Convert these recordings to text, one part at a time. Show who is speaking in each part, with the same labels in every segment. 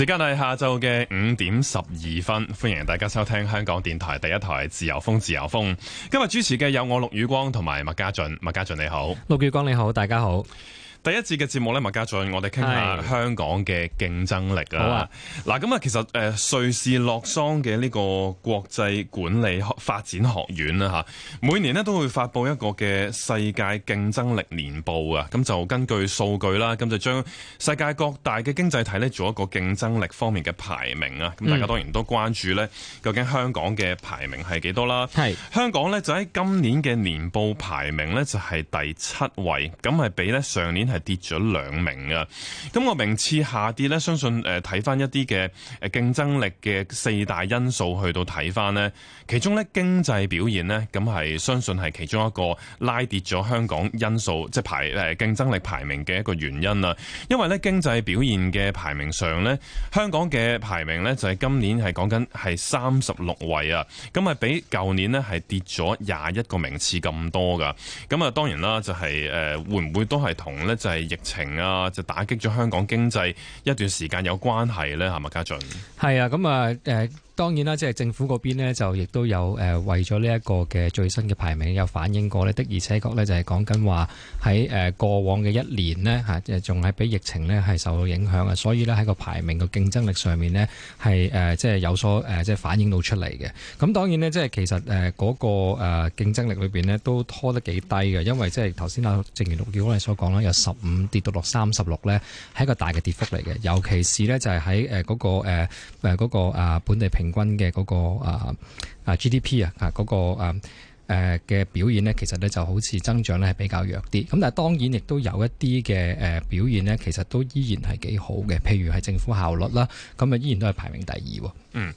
Speaker 1: 時間係下晝嘅五點十二分，歡迎大家收聽香港電台第一台自由風。自由風今日主持嘅有我陸宇光同埋麥嘉俊。麥嘉俊你好，陸宇光你好，大家好。第一次嘅節目咧，麥家俊，我哋傾下香港嘅競爭力啊，好啊，嗱，咁啊，其實誒、呃，瑞士洛桑嘅呢個國際管理發展學院啦，吓，每年咧都會發佈一個嘅世界競爭力年報啊。咁就根據數據啦，咁就將世界各大嘅經濟體咧做一個競爭力方面嘅排名啊。咁大家當然都關注咧，嗯、究竟香港嘅排名係幾多啦？係是香港咧就喺今年嘅年報排名咧就係、是、第七位，咁係比咧上年。係跌咗兩名啊。咁，個名次下跌呢，相信誒睇翻一啲嘅誒競爭力嘅四大因素去到睇翻呢。其中呢，經濟表現呢，咁、嗯、係相信係其中一個拉跌咗香港因素，即係排誒、呃、競爭力排名嘅一個原因啊。因為呢，經濟表現嘅排名上呢，香港嘅排名呢，就係、是、今年係講緊係三十六位啊，咁、嗯、啊比舊年呢，係跌咗廿一個名次咁多噶，咁、嗯、啊當然啦，就係、是、誒、呃、會唔會都係同呢？就係疫情啊，就打擊咗香港經濟一段時間有關係咧，係咪家俊？
Speaker 2: 係啊，咁、嗯、啊，誒、嗯。當然啦，即係政府嗰邊咧，就亦都有誒為咗呢一個嘅最新嘅排名，有反映過呢。的而且確呢，就係講緊話喺誒過往嘅一年呢，嚇，即仲係俾疫情呢係受到影響啊，所以呢，喺個排名嘅競爭力上面呢，係誒即係有所誒即係反映到出嚟嘅。咁當然呢，即係其實誒嗰個誒競爭力裏邊呢，都拖得幾低嘅，因為即係頭先啊正如六叫我哋所講啦，由十五跌到落三十六呢，係一個大嘅跌幅嚟嘅。尤其是呢、那個，就係喺誒嗰個誒誒本地平軍嘅嗰個啊啊 GDP 啊、嗰個、啊嗰個啊。誒嘅表現呢，其實呢就好似增長呢係比較弱啲，咁但係當然亦都有一啲嘅誒表現呢，其實都依然係幾好嘅，譬如係政府效率啦，咁啊依然都係排名第二。嗯，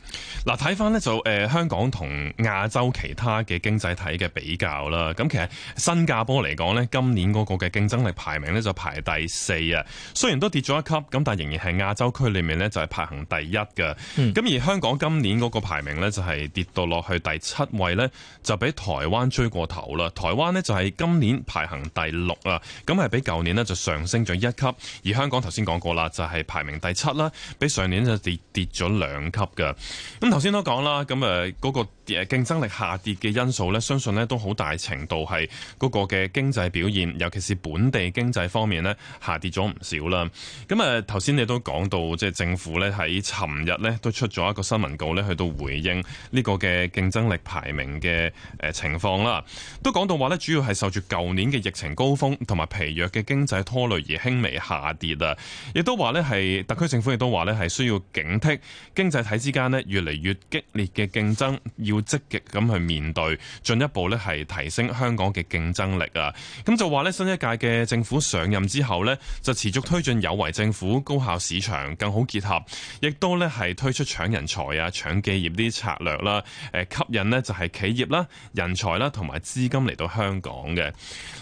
Speaker 1: 嗱睇翻呢，就誒香港同亞洲其他嘅經濟體嘅比較啦，咁其實新加坡嚟講呢，今年嗰個嘅競爭力排名呢，就排第四啊，雖然都跌咗一級，咁但係仍然係亞洲區裡面呢，就係排行第一嘅。咁、嗯、而香港今年嗰個排名呢，就係跌到落去第七位呢，就比台。台灣追過頭啦，台灣呢就係今年排行第六啦，咁係比舊年呢就上升咗一級，而香港頭先講過啦，就係、是、排名第七啦，比上年就跌跌咗兩級嘅。咁頭先都講啦，咁誒嗰個。競爭力下跌嘅因素咧，相信咧都好大程度係嗰個嘅經濟表現，尤其是本地經濟方面咧下跌咗唔少啦。咁誒頭先你都講到，即係政府咧喺尋日咧都出咗一個新聞稿咧，去到回應呢個嘅競爭力排名嘅誒情況啦，都講到話咧主要係受住舊年嘅疫情高峰同埋疲弱嘅經濟拖累而輕微下跌啊。亦都話咧係特區政府亦都話咧係需要警惕經濟體之間咧越嚟越激烈嘅競爭。要積極咁去面對，進一步咧係提升香港嘅競爭力啊！咁就話咧，新一屆嘅政府上任之後呢，就持續推進有為政府、高效市場，更好結合，亦都咧係推出搶人才啊、搶企業呢啲策略啦，誒吸引呢就係企業啦、人才啦同埋資金嚟到香港嘅。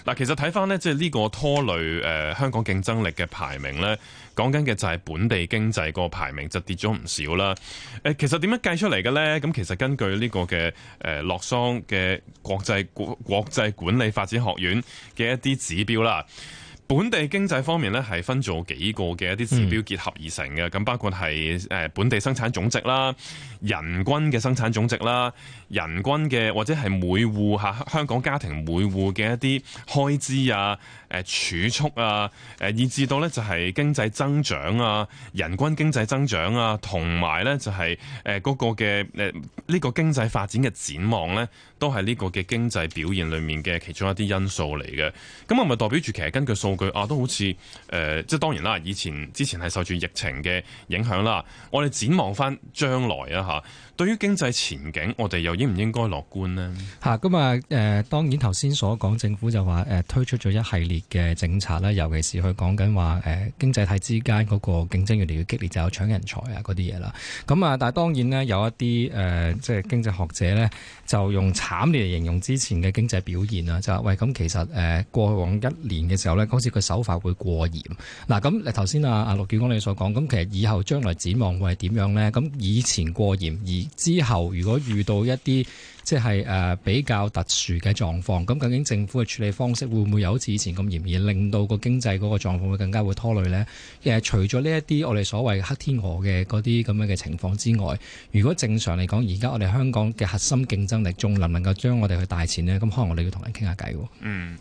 Speaker 1: 嗱，其實睇返呢，即係呢個拖累誒香港競爭力嘅排名呢。講緊嘅就係本地經濟個排名就跌咗唔少啦。誒，其實點樣計出嚟嘅咧？咁其實根據呢、這個嘅誒、呃、洛桑嘅國際國際管理發展學院嘅一啲指標啦。本地經濟方面咧，係分做幾個嘅一啲指標結合而成嘅。咁包括係誒本地生產總值啦、人均嘅生產總值啦、人均嘅或者係每戶吓香港家庭每戶嘅一啲開支啊、誒儲蓄啊、誒以至到咧就係經濟增長啊、人均經濟增長啊，同埋咧就係誒嗰個嘅誒呢個經濟發展嘅展望咧，都係呢個嘅經濟表現裏面嘅其中一啲因素嚟嘅。咁係咪代表住其實根據數。佢啊，都好似、呃、即係當然啦。以前之前係受住疫情嘅影響啦。我哋展望翻將來啊，吓，對於經濟前景，我哋又應唔應該樂觀咧？
Speaker 2: 吓、啊，咁啊誒當然頭先所講政府就話誒、呃、推出咗一系列嘅政策啦，尤其是佢講緊話誒經濟體之間嗰個競爭越嚟越激烈，就有搶人才啊嗰啲嘢啦。咁啊，但係當然咧，有一啲誒、呃、即係經濟學者咧，就用慘烈嚟形容之前嘅經濟表現啊，就話喂，咁其實誒、呃、過往一年嘅時候咧，個手法會過嚴嗱，咁你頭先啊，啊陸建光你所講，咁其實以後將來展望會係點樣呢？咁以前過嚴，而之後如果遇到一啲。即係誒比較特殊嘅狀況，咁究竟政府嘅處理方式會唔會有好似以前咁嚴嚴，令到個經濟嗰個狀況會更加會拖累咧？誒，除咗呢一啲我哋所謂黑天鵝嘅嗰啲咁樣嘅情況之外，如果正常嚟講，而家我哋香港嘅核心競爭力仲能唔能夠將我哋去帶前呢？咁可能我哋要同人傾下
Speaker 1: 偈喎。嗯，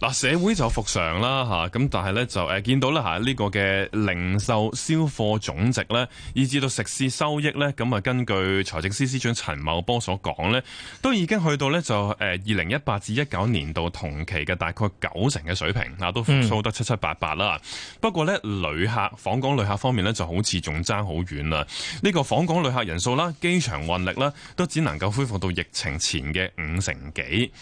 Speaker 1: 嗱，社會就復常啦嚇，咁但係呢，就誒見到呢嚇呢個嘅零售銷貨總值呢，以至到食肆收益呢，咁啊根據財政司司長陳茂波所講呢。都已經去到咧，就誒二零一八至一九年度同期嘅大概九成嘅水平，都復蘇得七七八八啦。不過咧，旅客訪港旅客方面咧，就好似仲爭好遠啦。呢個訪港旅客人數啦、機場運力啦，都只能夠恢復到疫情前嘅五成幾。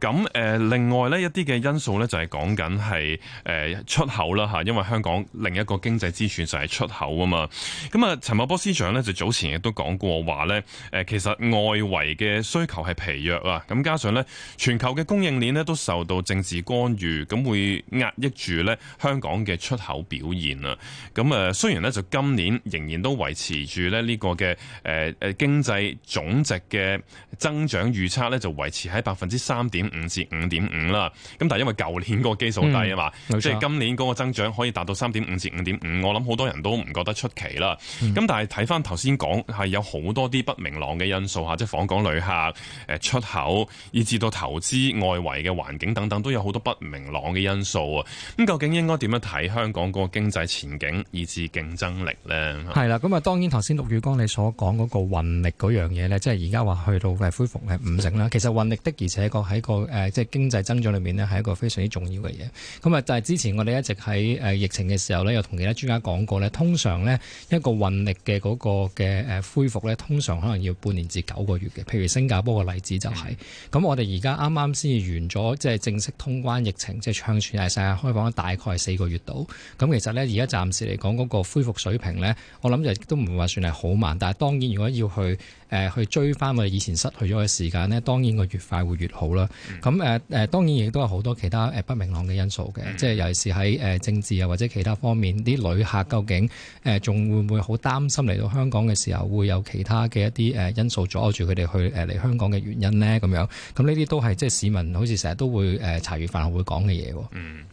Speaker 1: 咁誒，另外呢，一啲嘅因素咧，就係講緊係誒出口啦吓，因為香港另一個經濟支柱就係出口啊嘛。咁啊，陳茂波司長呢，就早前亦都講過話咧，誒其實外圍嘅衰。係疲弱啊，咁加上咧全球嘅供應鏈都受到政治干預，咁會壓抑住香港嘅出口表現啦。咁啊，雖然咧就今年仍然都維持住咧呢個嘅誒誒經濟總值嘅。增長預測咧就維持喺百分之三點五至五點五啦。咁但係因為舊年個基數低啊嘛，即係今年嗰個增長可以達到三點五至五點五，我諗好多人都唔覺得出奇啦、嗯。咁但係睇翻頭先講係有好多啲不明朗嘅因素嚇，即係訪港旅客、誒出口，以至到投資外圍嘅環境等等，都有好多不明朗嘅因素啊。咁究竟應該點樣睇香港個經濟前景，以至競爭力咧？係啦，
Speaker 2: 咁啊當然頭先陸宇剛你所講嗰個運力嗰樣嘢咧，即係而家話去到係恢復係五成啦，其實運力的而且確喺個誒，即、呃、係、就是、經濟增長裏面呢，係一個非常之重要嘅嘢。咁啊，就係之前我哋一直喺誒、呃、疫情嘅時候呢，有同其他專家講過呢，通常呢，一個運力嘅嗰個嘅誒恢復呢，通常可能要半年至九個月嘅。譬如新加坡嘅例子就係、是，咁的我哋而家啱啱先至完咗，即、就、係、是、正式通關疫情，即、就、係、是、暢穿大世界開放大概係四個月度。咁其實呢，而家暫時嚟講嗰個恢復水平呢，我諗就都唔會話算係好慢。但係當然，如果要去誒去追翻我哋以前失去咗嘅時間呢，當然佢越快會越好啦。咁誒誒，當然亦都有好多其他誒不明朗嘅因素嘅，即係、嗯、尤其是喺誒政治啊或者其他方面，啲旅客究竟誒仲會唔會好擔心嚟到香港嘅時候會有其他嘅一啲誒因素阻礙住佢哋去誒嚟香港嘅原因呢？咁樣咁呢啲都係即係市民好似成日都會誒茶餘飯後會講嘅嘢喎。嗯，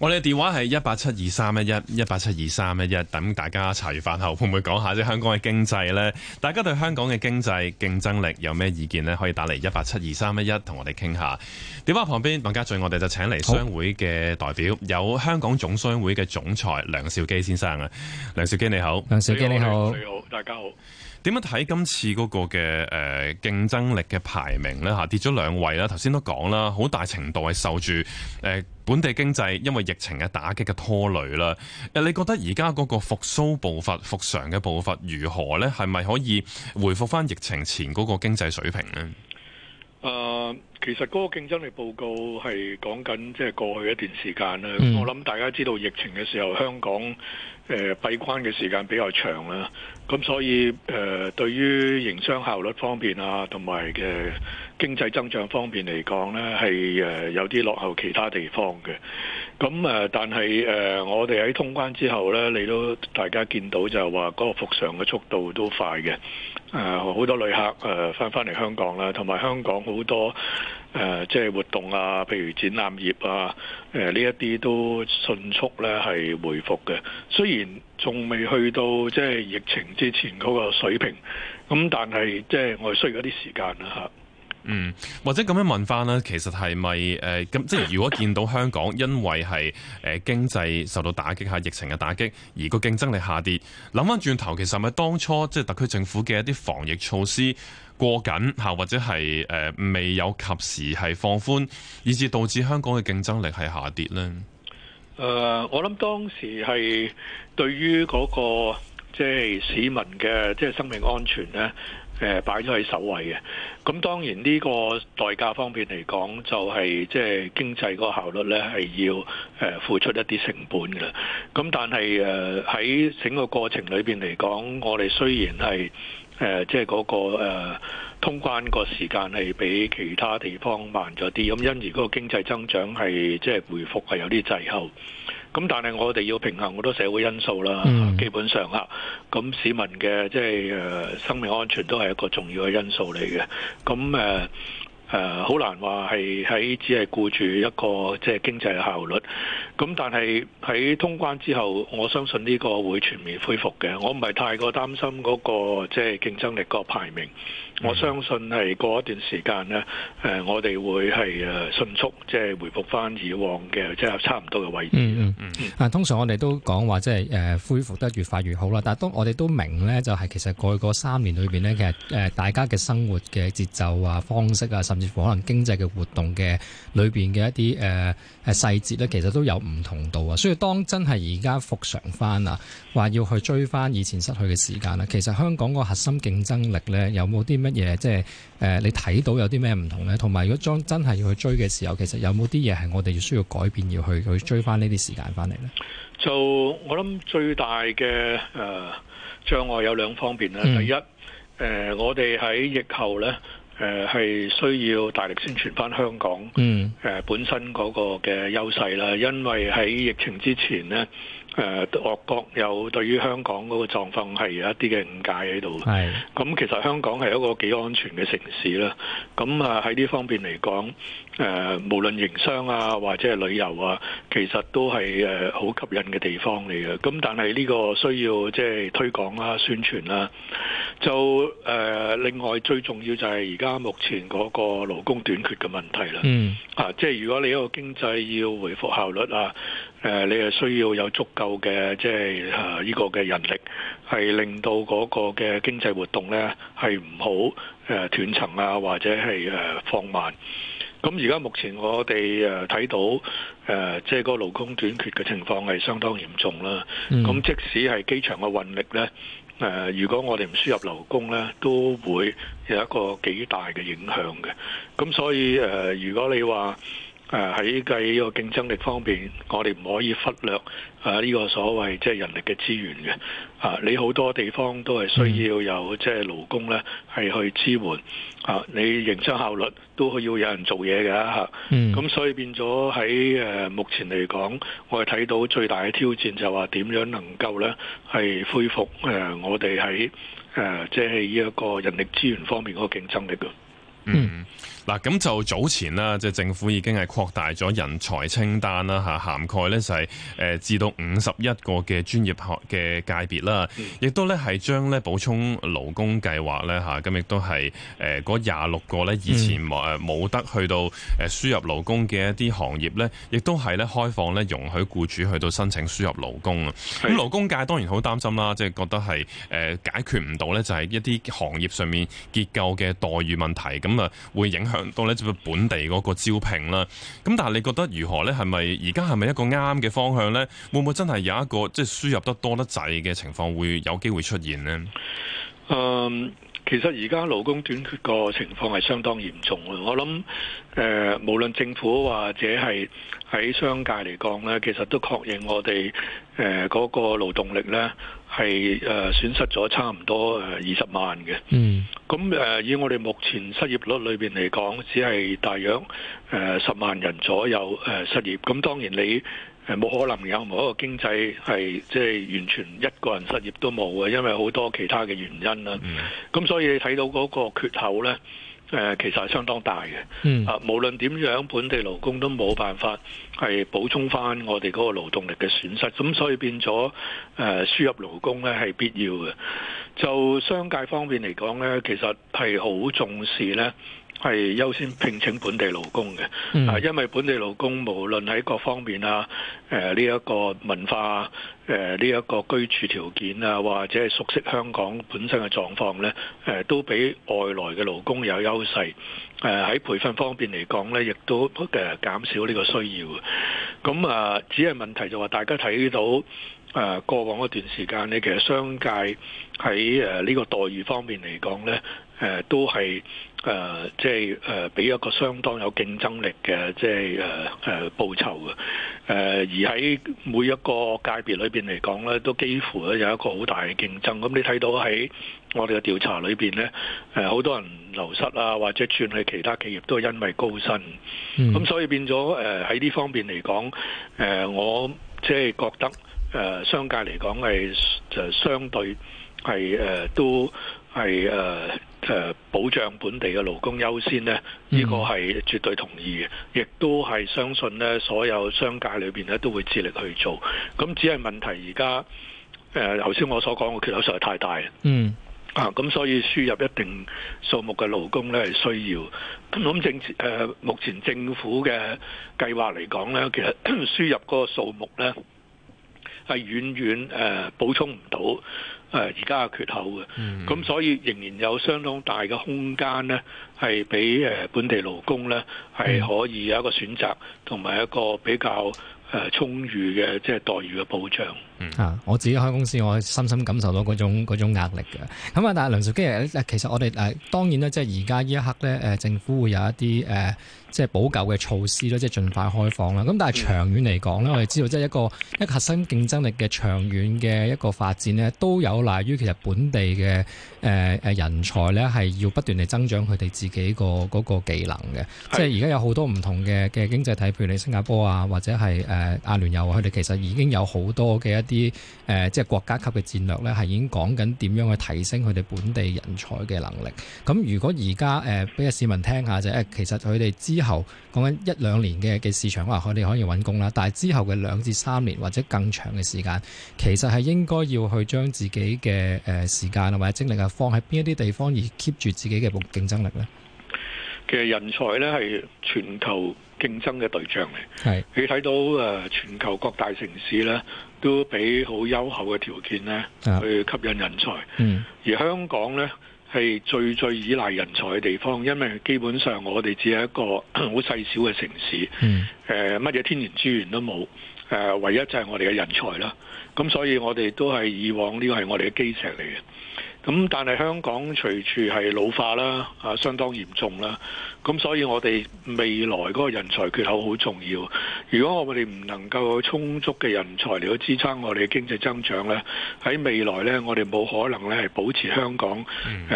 Speaker 1: 我哋電話係一八七二三一一一八七二三一一，等大家茶餘飯後會唔會講下啲香港嘅經濟呢？大家對香港嘅經濟經濟競爭力有咩意見呢？可以打嚟，一八七二三一一，同我哋傾下。電話旁邊，孟家俊，我哋就請嚟商會嘅代表，好有香港總商會嘅總裁梁兆基先生啊。梁兆基你好，梁兆基你好，你好，好，大家好。點樣睇今次嗰、那個嘅誒、呃、競爭力嘅排名呢？嚇跌下跌咗兩位啦，頭先都講啦，好大程度係受住誒、呃、本地經濟因為疫情嘅打擊嘅拖累啦。誒，你覺得而家嗰個復甦步伐、復常嘅步伐如何呢？係咪可以回復返疫情前嗰個經濟水平呢？啊、其
Speaker 3: 實嗰個競爭力報告係講緊即係過去一段時間啦。嗯、我諗大家知道疫情嘅時候，香港誒、呃、閉關嘅時間比較長啦。咁所以、呃、對於營商效率方面啊，同埋嘅經濟增長方面嚟講呢係、呃、有啲落後其他地方嘅。咁、呃、但係、呃、我哋喺通關之後呢，你都大家見到就話嗰個復常嘅速度都快嘅。誒好多旅客誒翻返嚟香港啦，同埋香港好多誒即係活動啊，譬如展覽業啊，誒呢一啲都迅速咧係回復嘅。雖然仲未去到即係疫情之前嗰個水平，咁但係即係我哋需要一啲時間啦嚇。
Speaker 1: 嗯，或者咁樣問翻咧，其實，係咪誒咁？即係如果見到香港因為係誒、呃、經濟受到打擊嚇疫情嘅打擊，而個競爭力下跌，諗翻轉頭，其實，係咪當初即係特區政府嘅一啲防疫措施過緊吓，或者係誒未有及時係放寬，以致導致香港嘅競爭力係下跌咧？誒、
Speaker 3: 呃，我諗當時，係對於嗰、那個即係、就是、市民嘅即係生命安全咧。誒擺咗喺首位嘅，咁當然呢個代價方面嚟講，就係即係經濟嗰個效率呢係要誒付出一啲成本嘅。咁但係誒喺整個過程裏面嚟講，我哋雖然係誒即係嗰個通關個時間係比其他地方慢咗啲，咁因而嗰個經濟增長係即係回復係有啲滯後。咁但係我哋要平衡好多社會因素啦，基本上啊，咁市民嘅即係誒生命安全都係一個重要嘅因素嚟嘅。咁誒誒，好難話係喺只係顧住一個即係經濟嘅效率。咁但係喺通關之後，我相信呢個會全面恢復嘅。我唔係太過擔心嗰、嗰個即係競爭力嗰個排名。嗯、我相信係過一段時間咧，誒、呃、我哋會係誒迅速即係回復翻以往嘅即係差唔多嘅位置
Speaker 2: 嗯，啊、嗯，嗯、通常我哋都講話即係誒恢復得越快越好啦。但係當我哋都明咧，就係其實過去三年裏邊咧，其實誒大家嘅生活嘅節奏啊、方式啊，甚至乎可能經濟嘅活動嘅裏邊嘅一啲誒誒細節咧，其實都有。唔同度啊，所以當真係而家復常翻啊，話要去追翻以前失去嘅時間咧，其實香港個核心競爭力咧，有冇啲乜嘢？即係誒、呃，你睇到有啲咩唔同咧？同埋，如果將真係要去追嘅時候，其實有冇啲嘢係我哋要需要改變要去去追翻呢啲時間翻嚟咧？
Speaker 3: 就我諗最大嘅誒、呃、障礙有兩方面啦。嗯、第一誒、呃，我哋喺疫後咧。誒，係、呃、需要大力宣傳翻香港嗯，誒、呃，本身嗰個嘅優勢啦，因為喺疫情之前咧。誒，俄國有對於香港嗰個狀況係有一啲嘅誤解喺度。係，咁其實香港係一個幾安全嘅城市啦。咁啊喺呢方面嚟講，誒無論營商啊，或者係旅遊啊，其實都係誒好吸引嘅地方嚟嘅。咁但係呢個需要即係推廣啦、宣傳啦。就誒，另外最重要就係而家目前嗰個勞工短缺嘅問題啦。嗯。啊，即係如果你一個經濟要恢復效率啊。誒，你係需要有足夠嘅即係誒呢個嘅人力，係令到嗰個嘅經濟活動咧係唔好誒斷層啊，或者係誒放慢。咁而家目前我哋誒睇到誒，即係嗰個勞工短缺嘅情況係相當嚴重啦。咁即使係機場嘅運力咧，誒如果我哋唔輸入勞工咧，都會有一個幾大嘅影響嘅。咁所以誒，如果你話，誒，喺計、啊、個競爭力方面，我哋唔可以忽略誒呢、啊這個所謂即係人力嘅資源嘅。啊，你好多地方都係需要有即係勞工咧，係去支援。啊，你營商效率都要有人做嘢嘅吓。嗯。咁所以變咗喺誒目前嚟講，我哋睇到最大嘅挑戰就話點樣能夠咧係恢復誒我哋喺誒即係呢一個人力資源方面嗰個競爭力啊。嗯。
Speaker 1: 嗱，咁就早前啦，即係政府已經係擴大咗人才清單啦，吓涵蓋咧就係誒至到五十一個嘅專業學嘅界別啦，亦都咧係將咧補充勞工計劃咧吓，咁亦都係誒嗰廿六個咧以前冇冇得去到誒輸入勞工嘅一啲行業咧，亦都係咧開放咧容許僱主去到申請輸入勞工啊。咁勞工界當然好擔心啦，即係覺得係誒解決唔到咧，就係一啲行業上面結構嘅待遇問題，咁啊會影響。到你做本地嗰個招聘啦，咁但係你覺得如何呢？係咪而家係咪一個啱嘅方向呢？會唔會真係有一個即係輸入得多得滯嘅情況，會有機會出現呢？嗯，
Speaker 3: 其實而家勞工短缺個情況係相當嚴重嘅。我諗，誒、呃，無論政府或者係喺商界嚟講呢，其實都確認我哋誒嗰個勞動力呢。係誒、呃、損失咗差唔多誒二十萬嘅，咁誒、嗯呃、以我哋目前失業率裏面嚟講，只係大約誒十、呃、萬人左右、呃、失業。咁當然你冇、呃、可能有某一個經濟係即係完全一個人失業都冇嘅，因為好多其他嘅原因啦。咁、嗯、所以你睇到嗰個缺口呢。誒其實係相當大嘅，啊無論點樣本地勞工都冇辦法係補充返我哋嗰個勞動力嘅損失，咁所以變咗誒輸入勞工咧係必要嘅。就商界方面嚟講咧，其實係好重視咧。係優先聘請本地勞工嘅，啊、嗯，因為本地勞工無論喺各方面啊，誒呢一個文化，誒呢一個居住條件啊，或者係熟悉香港本身嘅狀況呢，誒、呃、都比外來嘅勞工有優勢。誒、呃、喺培訓方面嚟講呢，亦都誒減少呢個需要。咁、嗯、啊、呃，只係問題就話大家睇到誒、呃、過往一段時間呢，其實商界喺誒呢個待遇方面嚟講呢，誒、呃、都係。誒，即係誒，俾、即係呃、一個相當有競爭力嘅，即係誒誒報酬嘅。誒、呃，而喺每一個界別裏邊嚟講咧，都幾乎咧有一個好大嘅競爭。咁你睇到喺我哋嘅調查裏邊咧，誒、呃、好多人流失啊，或者轉去其他企業都係因為高薪。咁、嗯、所以變咗誒喺呢方面嚟講，誒、呃、我即係覺得誒、呃、商界嚟講係就相對係誒、呃、都係誒。呃保障本地嘅勞工優先呢，呢、呢個係絕對同意嘅，亦都係相信呢所有商界裏面呢都會致力去做。咁只係問題而家誒，頭先我所講嘅缺口實在太大。
Speaker 4: 嗯
Speaker 3: 啊，咁所以輸入一定數目嘅勞工呢係需要。咁政、呃、目前政府嘅計劃嚟講呢，其實輸 入嗰個數目呢係遠遠誒補充唔到。誒而家嘅缺口嘅，咁所以仍然有相當大嘅空間咧，係俾誒本地勞工咧，係可以有一個選擇，同埋一個比較誒充裕嘅即係待遇嘅保障。
Speaker 2: 嗯、啊，我自己開公司，我深深感受到嗰種嗰種壓力嘅。咁、嗯、啊，但係梁兆基其實我哋誒、呃、當然啦，即係而家呢一刻咧，誒政府會有一啲誒、呃、即係補救嘅措施咯，即係盡快開放啦。咁但係長遠嚟講咧，嗯、我哋知道即係一個一個核心競爭力嘅長遠嘅一個發展咧，都有賴於其實本地嘅誒誒人才咧，係要不斷地增長佢哋自己個嗰、那個技能嘅。是即係而家有好多唔同嘅嘅經濟體，譬如你新加坡啊，或者係誒阿聯酋佢哋其實已經有好多嘅一啲誒即係國家級嘅戰略呢，係已經講緊點樣去提升佢哋本地人才嘅能力。咁如果而家誒俾個市民聽下就誒，其實佢哋之後講緊一兩年嘅嘅市場，話佢哋可以揾工啦。但係之後嘅兩至三年或者更長嘅時間，其實係應該要去將自己嘅誒時間啊或者精力啊放喺邊一啲地方而 keep 住自己嘅競爭力呢。
Speaker 3: 其實人才呢，係全球競爭嘅對象嚟，係你睇到誒全球各大城市呢。都俾好優厚嘅條件咧，去吸引人才。
Speaker 4: 而香
Speaker 3: 港咧，係最最依賴人才嘅地方，因為基本上我哋只係一個好細 小嘅城市。呃，乜嘢天然資源都冇。呃，唯一就係我哋嘅人才啦。咁所以我哋都係以往呢個係我哋嘅基石嚟嘅。咁但係香港隨處係老化啦，啊，相當嚴重啦，咁所以我哋未來嗰個人才缺口好重要。如果我哋唔能夠充足嘅人才嚟到支撐我哋嘅經濟增長呢，喺未來呢，我哋冇可能呢係保持香港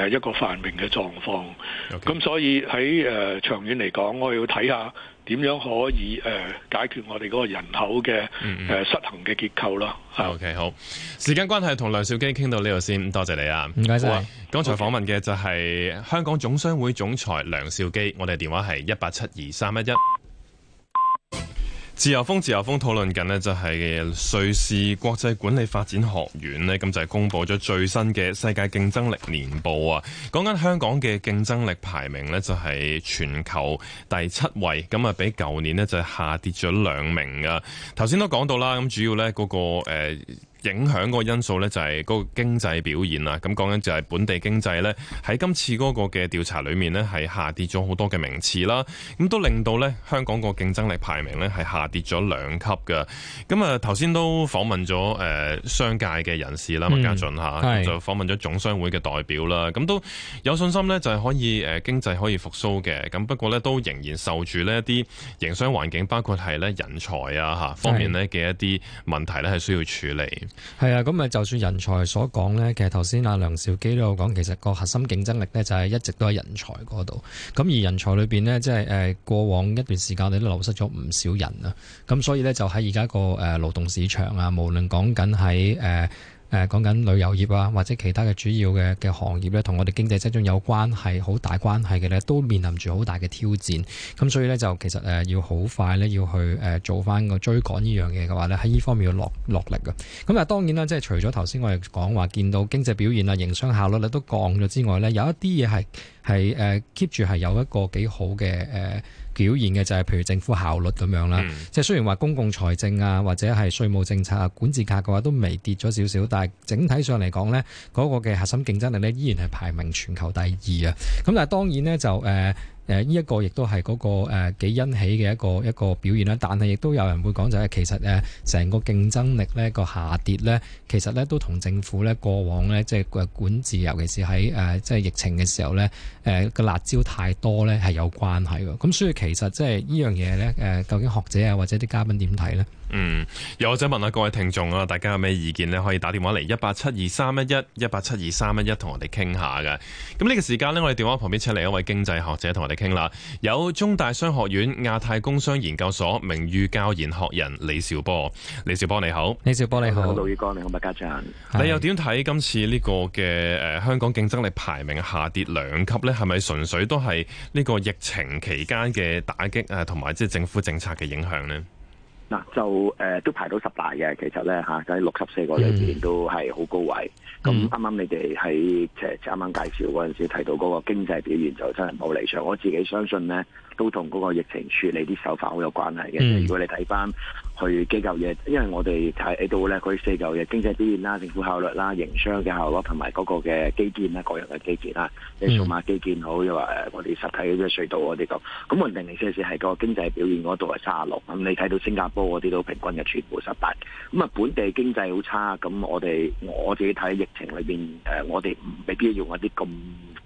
Speaker 3: 一個繁榮嘅狀況。咁、mm. Okay. 所以喺誒長遠嚟講，我要睇下。點樣可以誒、呃、解決我哋嗰個人口嘅誒、呃、失衡嘅結構啦
Speaker 1: ？OK，好，時間關係，同梁兆基傾到呢度先，多謝你，謝謝你啊，唔該晒！剛才訪問嘅就係香港總商會總裁梁兆基，我哋電話係一八七二三一一。自由風自由風，討論緊呢，就係瑞士國際管理發展學院呢，咁就係公布咗最新嘅世界競爭力年報啊！講緊香港嘅競爭力排名呢，就係全球第七位，咁啊，比舊年呢，就係下跌咗兩名嘅。頭先都講到啦，咁主要呢、那、嗰個、呃影響嗰個因素呢，就係嗰個經濟表現啦。咁講緊就係本地經濟呢，喺今次嗰個嘅調查裏面呢，係下跌咗好多嘅名次啦。咁都令到呢香港個競爭力排名呢，係下跌咗兩級㗎。咁啊頭先都訪問咗誒商界嘅人士啦，麥家俊嚇，就訪問咗總商會嘅代表啦。咁都有信心呢，就係可以誒經濟可以復甦嘅。咁不過呢，都仍然受住呢一啲營商環境，包括係呢人才啊嚇方面呢嘅一啲問題呢，係需要處理。
Speaker 2: 係啊，咁啊，就算人才所講呢，其實頭先阿梁兆基都有講，其實個核心競爭力呢就係一直都喺人才嗰度。咁而人才裏邊呢，即係誒過往一段時間你都流失咗唔少人啊。咁所以呢，就喺而家個誒勞動市場啊，無論講緊喺誒。呃誒講緊旅遊業啊，或者其他嘅主要嘅嘅行業咧，同我哋經濟增長有關係，好大關係嘅咧，都面臨住好大嘅挑戰。咁所以咧，就其實、呃、要好快咧，要去誒、呃、做翻個追趕呢樣嘢嘅話咧，喺呢方面要落落力嘅。咁啊，當然啦，即係除咗頭先我哋講話見到經濟表現啊、營商效率咧都降咗之外咧，有一啲嘢係係誒 keep 住係有一個幾好嘅誒。呃表現嘅就係譬如政府效率咁樣啦，嗯、即係雖然話公共財政啊或者係稅務政策啊管治格嘅話都微跌咗少少，但係整體上嚟講呢，嗰、嗰個嘅核心競爭力呢依然係排名全球第二啊！咁但係當然呢，就誒。呃誒呢、呃這個那個呃、一個亦都係嗰個誒幾欣喜嘅一個一個表現啦，但係亦都有人會講就係、是、其實誒成、呃、個競爭力呢個下跌呢，其實呢都同政府呢過往呢，即係管治，尤其是喺誒、呃、即係疫情嘅時候呢，誒、呃、個辣招太多呢係有關係嘅。咁所以其實即係呢樣嘢呢，誒、呃，究竟學者啊或者啲嘉賓點睇呢？
Speaker 1: 嗯，又我想問下各位聽眾啊，大家有咩意見呢？可以打電話嚟一八七二三一一一八七二三一一同我哋傾下㗎。咁呢個時間呢，我哋電話旁邊請嚟一位經濟學者同我哋傾啦，有中大商學院亞太工商研究所名譽教研學人李兆波。李兆波你好，李兆波你好，
Speaker 2: 杜宇哥你好，麥家俊。
Speaker 1: 是你又點睇今次呢個嘅誒香港競爭力排名下跌兩級呢？係咪純粹都係呢個疫情期間嘅打擊啊，同埋即係政府政策嘅影響呢？
Speaker 5: 嗱就誒、呃、都排到十大嘅，其實咧嚇喺六十四個裏邊都係好高位。咁啱啱你哋喺即係啱啱介紹嗰陣時提到嗰個經濟表現就真係冇理想。我自己相信咧都同嗰個疫情處理啲手法好有關係嘅。嗯、即係如果你睇翻。去機構嘢，因為我哋睇到咧，佢四舊嘅經濟表現啦、政府效率啦、營商嘅效率同埋嗰個嘅基建啦、各樣嘅基建啦，即數碼基建好，又話誒我哋實體嘅隧道嗰啲咁，咁我哋零零舍舍係個經濟表現嗰度係三十六，咁你睇到新加坡嗰啲都平均嘅全部十八。咁啊本地經濟好差，咁我哋我自己睇疫情裏邊誒，我哋未必要用一啲咁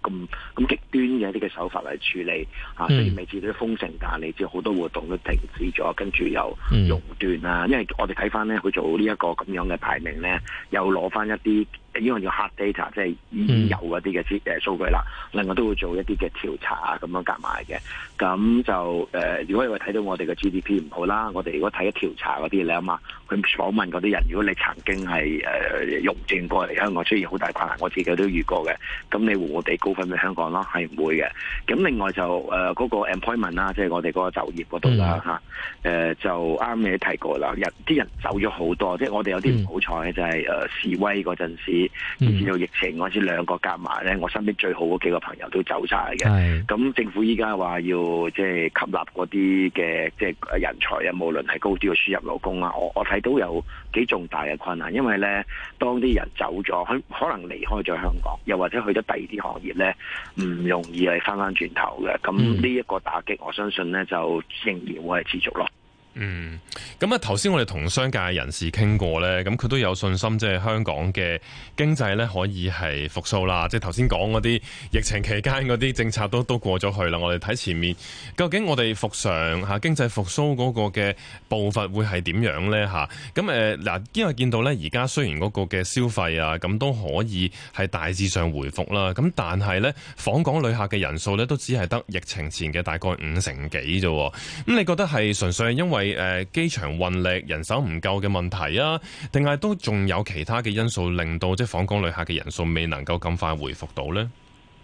Speaker 5: 咁咁極端嘅一啲嘅手法嚟處理嚇，嗯、雖然未至於封城，但係你知好多活動都停止咗，跟住又融。嗯嗯斷，因為我哋睇翻咧，佢做呢一個咁樣嘅排名咧，又攞翻一啲。因為要 hard data，即係已有嗰啲嘅誒數據啦。嗯、另外都會做一啲嘅調查啊，咁樣夾埋嘅。咁就誒、呃，如果你睇到我哋嘅 GDP 唔好啦，我哋如果睇一調查嗰啲，你諗下佢訪問嗰啲人，如果你曾經係誒入境過嚟香港出現好大困難，我自己都遇過嘅。咁你唔糊地高分喺香港咯，係唔會嘅。咁另外就誒嗰、呃那個 employment 啦，即係我哋嗰個就業嗰度啦就啱你提過啦，啲人，人，人走咗好多，即係我哋有啲唔好彩就係、是呃、示威嗰陣時。直至到疫情嗰時，兩個夾埋咧，我身邊最好嗰幾個朋友都走晒嘅。咁的政府依家話要即係吸納嗰啲嘅即係人才啊，無論係高啲嘅輸入勞工啊，我我睇到有幾重大嘅困難。因為呢當啲人走咗，佢可能離開咗香港，又或者去咗第二啲行業呢，唔容易係翻翻轉頭嘅。咁呢一個打擊，我相信呢就仍然會係持續咯。
Speaker 1: 嗯，咁啊，頭先我哋同商界人士傾過咧，咁佢都有信心，即係香港嘅經濟咧可以係復蘇啦。即係頭先講嗰啲疫情期間嗰啲政策都都過咗去啦。我哋睇前面，究竟我哋復常吓經濟復蘇嗰個嘅步伐會係點樣咧吓？咁誒嗱，因為見到咧而家雖然嗰個嘅消費啊咁都可以係大致上回復啦，咁但係咧訪港旅客嘅人數咧都只係得疫情前嘅大概五成幾啫。咁你覺得係純粹係因為？係誒，機場運力人手唔夠嘅問題啊，定係都仲有其他嘅因素令到即係訪港旅客嘅人數未能夠咁快回復到呢？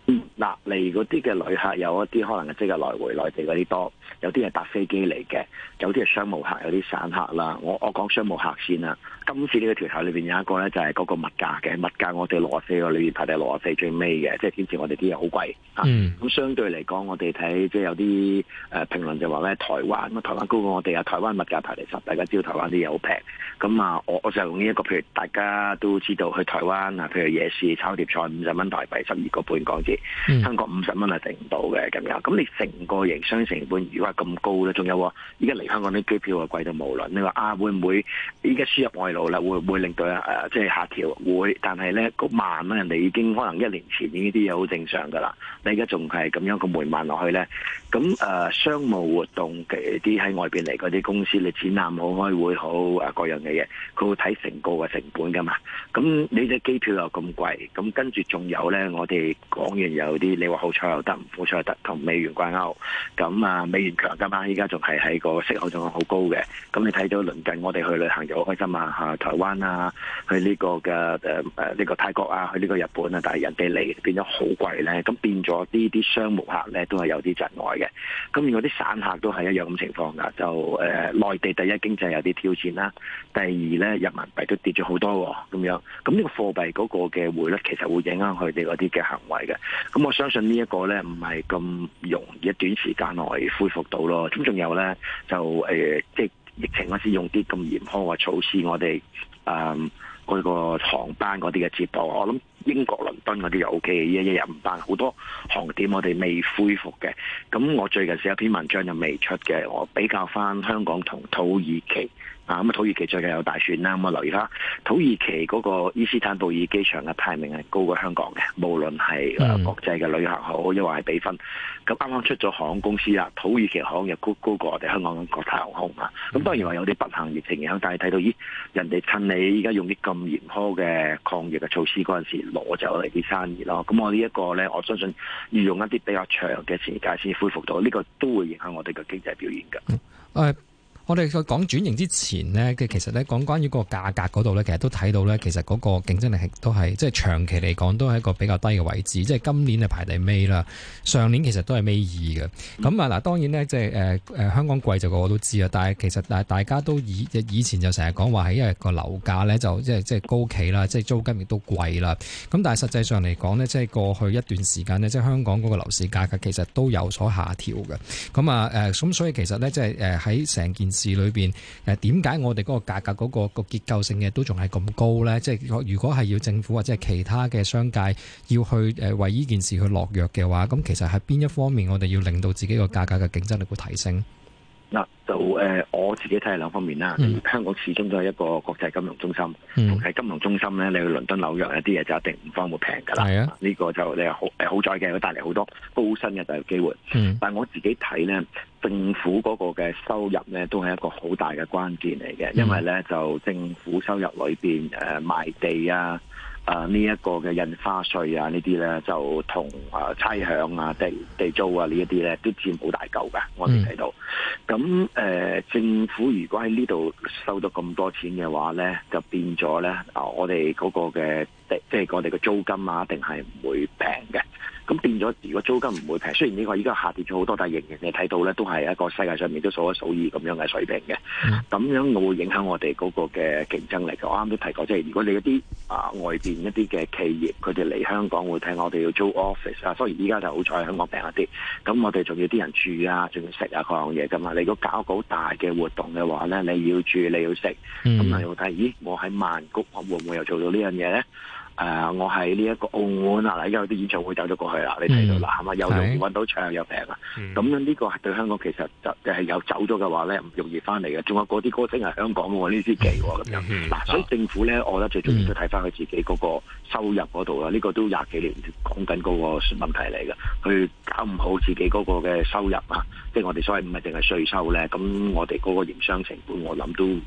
Speaker 1: 嗯，
Speaker 5: 嗱，嚟嗰啲嘅旅客有一啲可能係即係來回內地嗰啲多，有啲係搭飛機嚟嘅，有啲係商務客，有啲散客啦。我我講商務客先啦。今次呢個條頭裏面有一個咧，就係嗰個物價嘅物價、mm. 啊，我哋六十四個裏邊排喺六十四最尾嘅，即係顯示我哋啲嘢好貴。咁相對嚟講，我哋睇即係有啲誒評論就話咧，台灣咁啊，台灣高過我哋啊，台灣物價排喺十大，大家知道台灣啲嘢好平。咁啊，我我用呢、這、一個，譬如大家都知道去台灣啊，譬如夜市炒碟菜五十蚊台幣十二個半港紙，mm. 香港五十蚊係定唔到嘅咁樣。咁你成個營商成本如果係咁高咧，仲有依家嚟香港啲機票啊貴到無論。你話啊，會唔會依家輸入外好啦，會會令到啊誒，即係下調會，但係咧個萬蚊人哋已經可能一年前已經啲嘢好正常噶啦，你而家仲係咁樣個門慢落去咧，咁誒商務活動嘅啲喺外邊嚟嗰啲公司，你展覽好，開會好誒各樣嘅嘢，佢會睇成個嘅成本噶嘛，咁你隻機票又咁貴，咁跟住仲有咧，我哋講完有啲你話好彩又得，唔好彩又得，同美元掛鈎咁啊，美元強噶嘛，依家仲係喺個息口仲好高嘅，咁你睇到鄰近我哋去旅行又好開心啊嚇！台灣啊，去呢個嘅誒誒呢個泰國啊，去呢個日本啊，但係人哋嚟變咗好貴咧，咁變咗呢啲商務客咧都係有啲窒礙嘅。咁如果啲散客都係一樣咁情況噶，就誒內、呃、地第一經濟有啲挑戰啦，第二咧人民幣都跌咗好多咁、啊、樣，咁呢個貨幣嗰個嘅匯率其實會影響佢哋嗰啲嘅行為嘅。咁我相信這個呢一個咧唔係咁容易，一段時間內恢復到咯。咁仲有咧就誒、呃、即係。疫情嗰時用啲咁嚴苛嘅措施，我、嗯那個，我哋誒嗰個航班嗰啲嘅接駁，我諗英國倫敦嗰啲又 OK，一一日唔班，好多航點，我哋未恢復嘅。咁我最近寫一篇文章又未出嘅，我比較翻香港同土耳其。咁啊，土耳其最近有大選啦。咁啊，留意啦，土耳其嗰個伊斯坦布爾機場嘅排名係高過香港嘅，無論係國際嘅旅客好，又或係比分。咁啱啱出咗航空公司啦，土耳其航空又高高過我哋香港嘅國泰航空啊。咁當然話有啲不幸疫情影響，但係睇到咦，人哋趁你依家用啲咁嚴苛嘅抗疫嘅措施嗰陣時攞走嚟啲生意咯。咁我呢一個咧，我相信要用一啲比較長嘅時間先恢復到，呢、呢個都會影響我哋嘅經濟表現嘅。嗯
Speaker 2: 哎我哋講講轉型之前呢，其實咧講關於個價格嗰度咧，其實都睇到咧，其實嗰個競爭力都係即係長期嚟講都係一個比較低嘅位置，即係今年係排第尾啦。上年其實都係尾二嘅。咁啊嗱，當然咧即係誒、呃、香港貴就個個都知啊。但係其實但係大家都以以前就成日講話係因為個樓價咧就即係即係高企啦，即係租金亦都貴啦。咁但係實際上嚟講呢，即係過去一段時間呢，即係香港嗰個樓市價格其實都有所下調嘅。咁啊咁所以其實呢，即係誒喺成件。市裏邊，誒，點解我哋嗰個價格嗰個個結構性嘅都仲係咁高呢？即係如果係要政府或者係其他嘅商界要去誒為呢件事去落藥嘅話，咁其實係邊一方面我哋要令到自己個價格嘅競爭力會提升？
Speaker 5: 嗱，就、呃、我自己睇係兩方面啦。嗯、香港始終都係一個國際金融中心，同埋、嗯、金融中心咧，你去倫敦、紐約一啲嘢就一定唔方會平噶啦。呢、嗯、個就你係好、呃、好在嘅，會帶嚟好多高薪嘅就業機會。嗯、但我自己睇咧，政府嗰個嘅收入咧，都係一個好大嘅關鍵嚟嘅，因為咧就政府收入裏面誒賣、呃、地啊。啊！呢、這、一個嘅印花稅啊，呢啲咧就同啊差餉啊、地地租啊呢一啲咧都佔好大嚿㗎。我哋睇到咁誒、mm. 呃，政府如果喺呢度收到咁多錢嘅話咧，就變咗咧啊！我哋嗰個嘅即係我哋嘅租金啊，一定係唔會平嘅。咁變咗，如果租金唔會平，雖然呢個依家下跌咗好多，但係仍然你睇到咧都係一個世界上面都數一數二咁樣嘅水平嘅。咁、mm. 樣我會影響我哋嗰個嘅競爭力。我啱都提過，即、就、係、是、如果你嗰啲。啊！外邊一啲嘅企業，佢哋嚟香港會睇我哋要租 office 啊，所以依家就好彩香港平一啲，咁我哋仲要啲人住啊，仲要食啊，各樣嘢噶嘛！你如果搞好大嘅活動嘅話咧，你要住，你要食，咁啊、嗯、你會睇，咦？我喺曼谷，我會唔會又做到呢樣嘢咧？係、呃、我喺呢一個澳門啊，嗱而家有啲演唱會走咗過去啦，你睇到啦，係嘛、嗯、又容易揾到唱又平啊，咁、嗯、樣呢個對香港其實就係又走咗嘅話咧，唔容易翻嚟嘅。仲有嗰啲歌星係香港喎，呢支奇喎咁樣，
Speaker 4: 嗱、嗯啊、所以
Speaker 5: 政府咧，我覺得最重要都睇翻佢自己嗰個收入嗰度啊，呢、嗯、個都廿幾年講緊嗰個問題嚟嘅，去搞唔好自己嗰個嘅收入啊，即係我哋所謂唔係淨係稅收咧，咁我哋嗰個營商成本我諗都。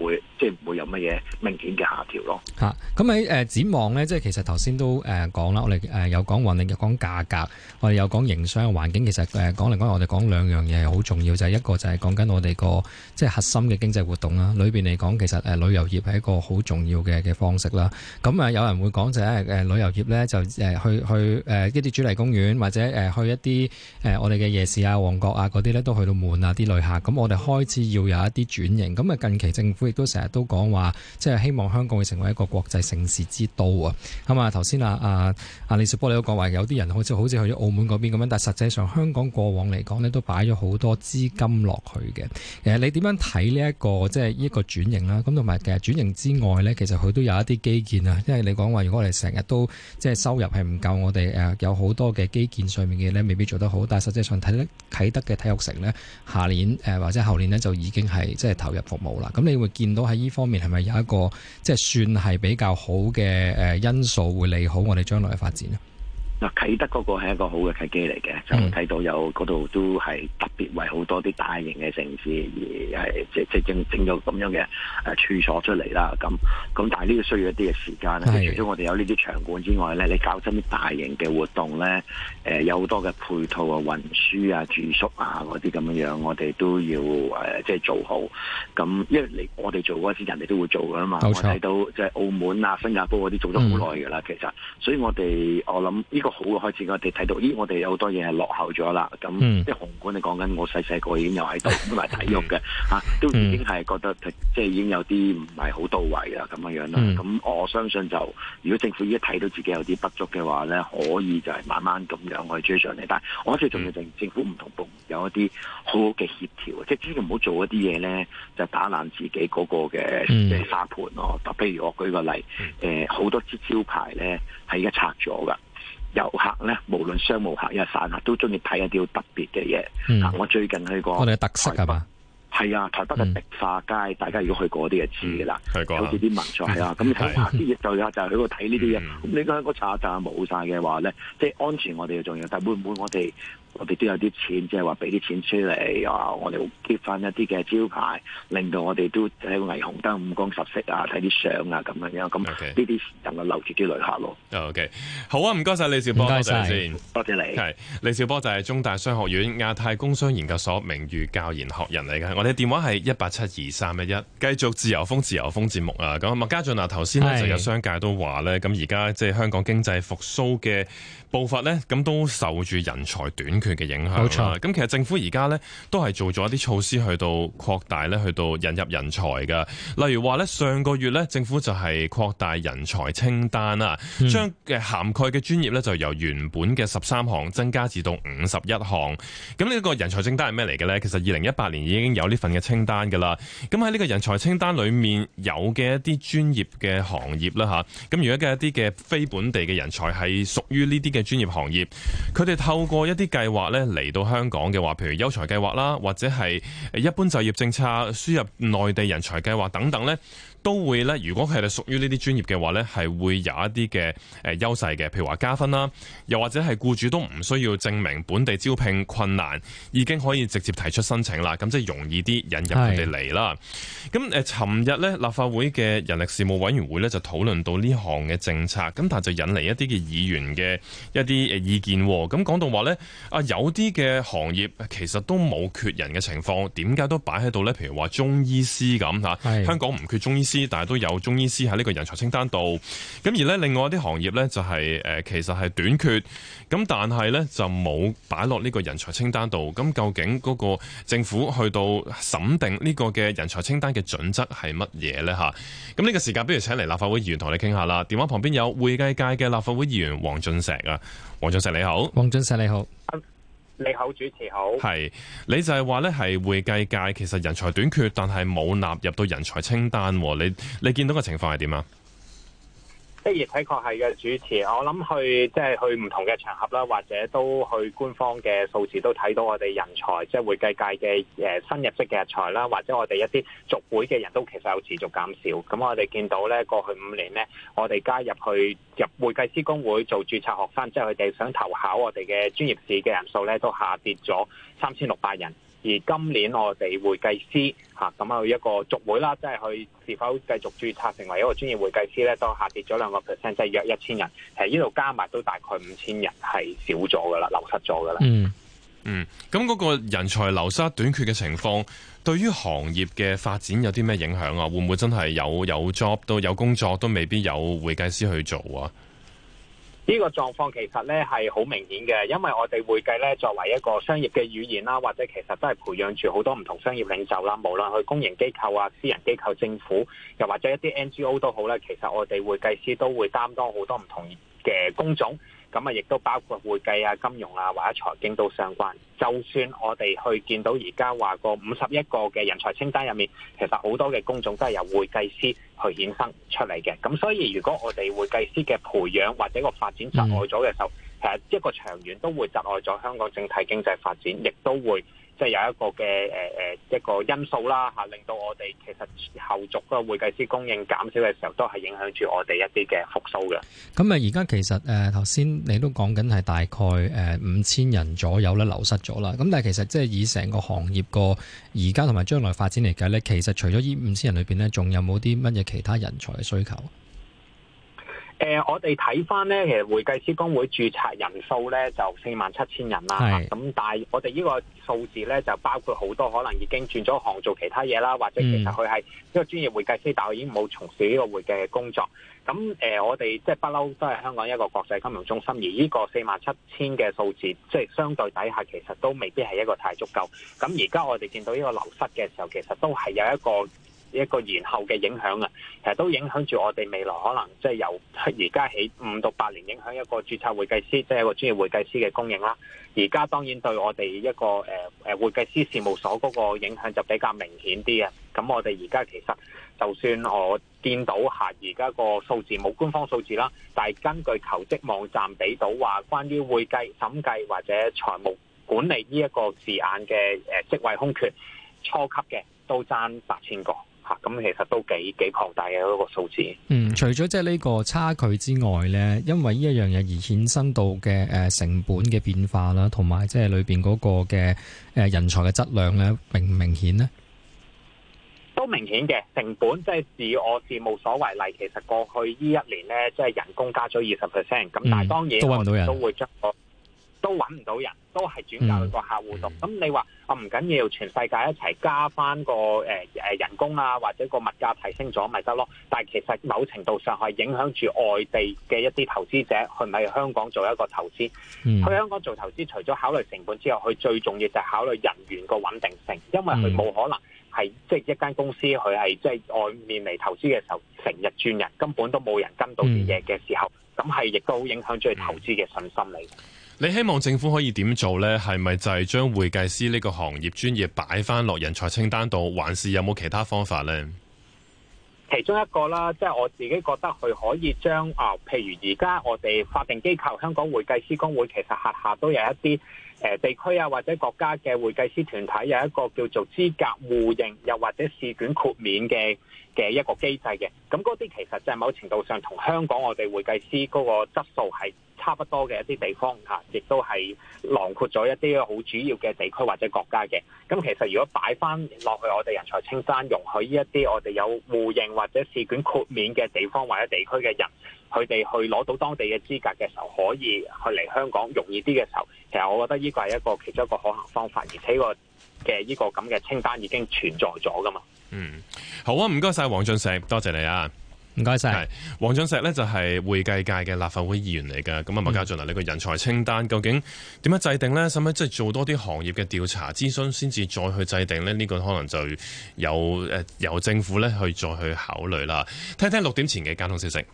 Speaker 5: 會即係唔會有乜
Speaker 2: 嘢明顯嘅下調咯。咁喺、啊、展望呢，即係其實頭先都誒講啦，我哋誒有講運力，講價格，我哋有講營商環境。其實誒講嚟講去，我哋講兩樣嘢好重要，就係、係、一個就係講緊我哋個即係核心嘅經濟活動啦。裏邊嚟講，其實旅遊業係一個好重要嘅嘅方式啦。咁啊，有人會講就係誒旅遊業咧，就去去，去一啲主題公園或者去一啲我哋嘅夜市啊、旺角啊嗰啲咧，都去到門啊啲旅客。咁我哋開始要有一啲轉型。咁啊，近期政府亦都成日都講話，即係希望香港會成為一個國際城市之都才啊！咁啊，頭先啊啊啊李兆波你都講話，有啲人好似好似去咗澳門嗰邊咁樣，但係實際上香港過往嚟講呢，都擺咗好多資金落去嘅。其實你點樣睇呢一個即係呢個轉型啦？咁同埋其實轉型之外呢，其實佢都有一啲基建啊，因為你講話，如果我哋成日都即係收入係唔夠，我哋誒有好多嘅基建上面嘅嘢呢，未必做得好。但係實際上啟德啟德嘅體育城呢，下年誒或者後年呢，就已經係即係投入服務啦。咁你會見到喺呢方面係咪有一個即係算係比較好嘅誒因素，會利好我哋將來嘅發展咧？
Speaker 5: 嗱，啟德嗰個係一個好嘅契機嚟嘅，嗯、就睇到有嗰度都係特別為好多啲大型嘅城市而係即即正整咗咁樣嘅誒、呃、處所出嚟啦。咁咁但係呢個需要一啲嘅時間啦。是除咗我哋有呢啲場館之外咧，你搞真啲大型嘅活動咧，誒、呃、有好多嘅配套啊、運輸啊、住宿啊嗰啲咁樣樣，我哋都要誒、呃、即係做好。咁因為你我哋做嗰時人哋都會做㗎啦嘛。錯我睇到即係澳門啊、新加坡嗰啲做咗好耐㗎啦，嗯、其實。所以我哋我諗呢、呢個好嘅開始，我哋睇到，咦！我哋有好多嘢係落後咗啦。咁即係紅館你講緊我細細個已經有喺度玩埋體育嘅、啊、都已經係覺得、嗯、即係已經有啲唔係好到位啦咁樣樣啦。咁、嗯、我相信就如果政府依家睇到自己有啲不足嘅話咧，可以就係慢慢咁樣去追上嚟。但我我最重要政府唔同部門有一啲好好嘅協調，即係知道唔好做一啲嘢咧，就打爛自己嗰個嘅即係沙盤咯。譬、嗯、如我舉個例，好、嗯呃、多支招牌咧係而家拆咗噶。遊客咧，無論商務客又散客，都中意睇一啲好特別嘅嘢。嗱、嗯，我最近去過，我哋特色係嘛？係啊，台北嘅迪化街，嗯、大家如果去過啲就知噶啦。講好似啲文物係啊，咁下啲對客就去度睇呢啲嘢。咁你喺香港查下冇晒嘅話咧，即係安全我哋要重要，但係會唔會我哋？我哋都有啲錢，即係話俾啲錢出嚟啊！我哋會結翻一啲嘅招牌，令到我哋都喺個霓虹燈五光十色啊，睇啲相啊，咁樣樣咁，呢啲能夠留住啲旅客咯。
Speaker 1: OK，好啊！唔該晒。李兆波，多謝，謝你。係李兆波就係中大商學院亞太工商研究所名譽教研學人嚟嘅。我哋電話係一八七二三一一。繼續自由風自由風節目啊！咁啊，家俊啊，頭先是就有商界都話咧，咁而家即係香港經濟復甦嘅步伐咧，咁都受住人才短權嘅影響，冇錯。咁其實政府而家呢都係做咗一啲措施，去到擴大咧，去到引入人才噶。例如話咧，上個月咧，政府就係擴大人才清單啦，將嘅涵蓋嘅專業咧就由原本嘅十三項增加至到五十一項。咁呢個人才清單係咩嚟嘅呢？其實二零一八年已經有呢份嘅清單噶啦。咁喺呢個人才清單裏面有嘅一啲專業嘅行業啦，吓，咁如果嘅一啲嘅非本地嘅人才係屬於呢啲嘅專業行業，佢哋透過一啲計話咧嚟到香港嘅話，譬如優才計劃啦，或者係一般就業政策、輸入內地人才計劃等等咧。都會咧，如果佢係屬於呢啲專業嘅話咧，係會有一啲嘅誒優勢嘅，譬如話加分啦，又或者係僱主都唔需要證明本地招聘困難，已經可以直接提出申請啦，咁即係容易啲引入佢哋嚟啦。咁誒是，尋日呢，立法會嘅人力事務委員會呢就討論到呢項嘅政策，咁但係就引嚟一啲嘅議員嘅一啲意見、啊。咁講到話呢，啊有啲嘅行業其實都冇缺人嘅情況，點解都擺喺度呢？譬如話中醫師咁嚇，是香港唔缺中醫師。師，但係都有中醫師喺呢個人才清單度。咁而咧，另外一啲行業呢，就是，就係誒，其實係短缺。咁但係呢就冇擺落呢個人才清單度。咁究竟嗰個政府去到審定呢個嘅人才清單嘅準則係乜嘢呢？吓，咁呢個時間，不如請嚟立法會議員同你傾下啦。電話旁邊有會計界嘅立法會議員黃俊碩啊，黃俊碩你好，黃俊碩你好。
Speaker 2: 你好，
Speaker 1: 主持好。係，你就係話咧，係會計界其實人才短缺，但係冇納入到人才清單。你你見到個情況係點啊？
Speaker 6: 的確係嘅主持。我諗去即係去唔同嘅場合啦，或者都去官方嘅數字都睇到我哋人才，即係會計界嘅誒新入職嘅人才啦，或者我哋一啲續會嘅人都其實有持續減少。咁我哋見到咧，過去五年咧，我哋加入去入會計師公會做註冊學生，即係佢哋想投考我哋嘅專業試嘅人數咧，都下跌咗三千六百人。而今年我哋會計師吓咁啊，有一個續會啦，即係佢是否繼續註冊成為一個專業會計師咧，都下跌咗兩個 percent，即係約一千人，喺呢度加埋都大概五千人係少咗㗎啦，流失咗㗎啦。嗯，
Speaker 1: 咁、那、嗰個人才流失短缺嘅情況，對於行業嘅發展有啲咩影響啊？會唔會真係有有 job 都有工作都未必有會計師去做啊？
Speaker 6: 呢個狀況其實呢係好明顯嘅，因為我哋會計呢作為一個商業嘅語言啦，或者其實都係培養住好多唔同商業領袖啦。無論去公營機構啊、私人機構、政府，又或者一啲 NGO 都好啦，其實我哋會計師都會擔當好多唔同嘅工種。咁啊，亦都包括會計啊、金融啊或者財經都相關。就算我哋去見到而家話個五十一個嘅人才清單入面，其實好多嘅工種都係由會計師去衍生出嚟嘅。咁所以，如果我哋會計師嘅培養或者個發展窒礙咗嘅時候，其實一個長遠都會窒礙咗香港整體經濟發展，亦都會。即係有一個嘅誒誒一個因素啦嚇，令到我哋其實後續個會計師供應減少嘅時候，都係影響住我哋一啲嘅復
Speaker 2: 甦嘅。咁啊，而家其實誒頭先你都講緊係大概誒五千人左右咧流失咗啦。咁但係其實即係以成個行業個而家同埋將來發展嚟計咧，其實除咗呢五千人裏邊咧，仲有冇啲乜嘢其他人才嘅需求？
Speaker 6: 誒、呃，我哋睇翻咧，其實會計師公會註冊人數咧就四萬七千人啦。咁是，但係我哋呢個數字咧就包括好多可能已經轉咗行做其他嘢啦，或者其實佢係一個專業會計師，但係已經冇從事呢個會計嘅工作。咁誒、呃，我哋即係不嬲都係香港一個國際金融中心，而呢個四萬七千嘅數字，即係相對底下其實都未必係一個太足夠。咁而家我哋見到呢個流失嘅時候，其實都係有一個一個延後嘅影響啊，其實都影響住我哋未來可能即係、就是、由而家起五到八年影響一個註冊會計師，即、就、係、是、一個專業會計師嘅供應啦。而家當然對我哋一個誒誒、呃、會計師事務所嗰個影響就比較明顯啲嘅。咁我哋而家其實就算我見到下而家個數字冇官方數字啦，但係根據求職網站俾到話，關於會計審計或者財務管理呢一個字眼嘅誒、呃、職位空缺初級嘅都爭八千個。咁其實都幾幾龐大嘅一個數字。嗯，
Speaker 2: 除咗即係呢個差距之外咧，因為呢一樣嘢而衍生到嘅誒成本嘅變化啦，同埋即係裏邊嗰個嘅誒人才嘅質量咧，明唔明顯呢？
Speaker 6: 都明顯嘅成本，即係自我事務所為例，其實過去呢一年咧，即係人工加咗二十 percent，咁但係當然都搵唔到人。都揾唔到人，都係轉嫁去個客戶度。咁、嗯嗯、你話啊，唔緊要全世界一齊加翻個、呃、人工啊，或者個物價提升咗咪得咯？但其實某程度上係影響住外地嘅一啲投資者去唔去香港做一個投資？嗯、去香港做投資，除咗考慮成本之外，佢最重要就係考慮人員個穩定性，因為佢冇可能係即係一間公司佢係即係外面嚟投資嘅時候成日轉人，根本都冇人跟到啲嘢嘅時候，咁係、嗯、亦都好影響咗佢投資嘅信心嚟。嗯嗯
Speaker 1: 你希望政府可以點做呢？係咪就係將會計師呢個行業專業擺翻落人才清單度，還是有冇其他方法呢？
Speaker 6: 其中一個啦，即係我自己覺得佢可以將啊，譬如而家我哋法定機構香港會計師公會其實轄下都有一啲。誒地區啊，或者國家嘅會計師團體有一個叫做資格互認，又或者試卷豁免嘅嘅一個機制嘅。咁嗰啲其實就係某程度上同香港我哋會計師嗰個質素係差不多嘅一啲地方嚇，亦都係囊括咗一啲好主要嘅地區或者國家嘅。咁其實如果擺返落去我哋人才清單，容許呢一啲我哋有互認或者試卷豁免嘅地方或者地區嘅人，佢哋去攞到當地嘅資格嘅時候，可以去嚟香港容易啲嘅時候，其實我覺得呢個係一個其中一個可行方法，而且、呢個嘅呢、呢個咁嘅清單已經存在咗噶嘛。嗯，
Speaker 1: 好啊，唔該晒，黃俊碩，多謝你啊，唔該晒，係黃俊碩呢就係會計界嘅立法會議員嚟㗎。咁啊、嗯，麥家俊嗱，個人才清單究竟點樣制定呢？使唔使即係做多啲行業嘅調查諮詢，先至再去制定呢？呢、呢個可能就有由政府咧去再去考慮啦。聽聽六點前嘅交通消息。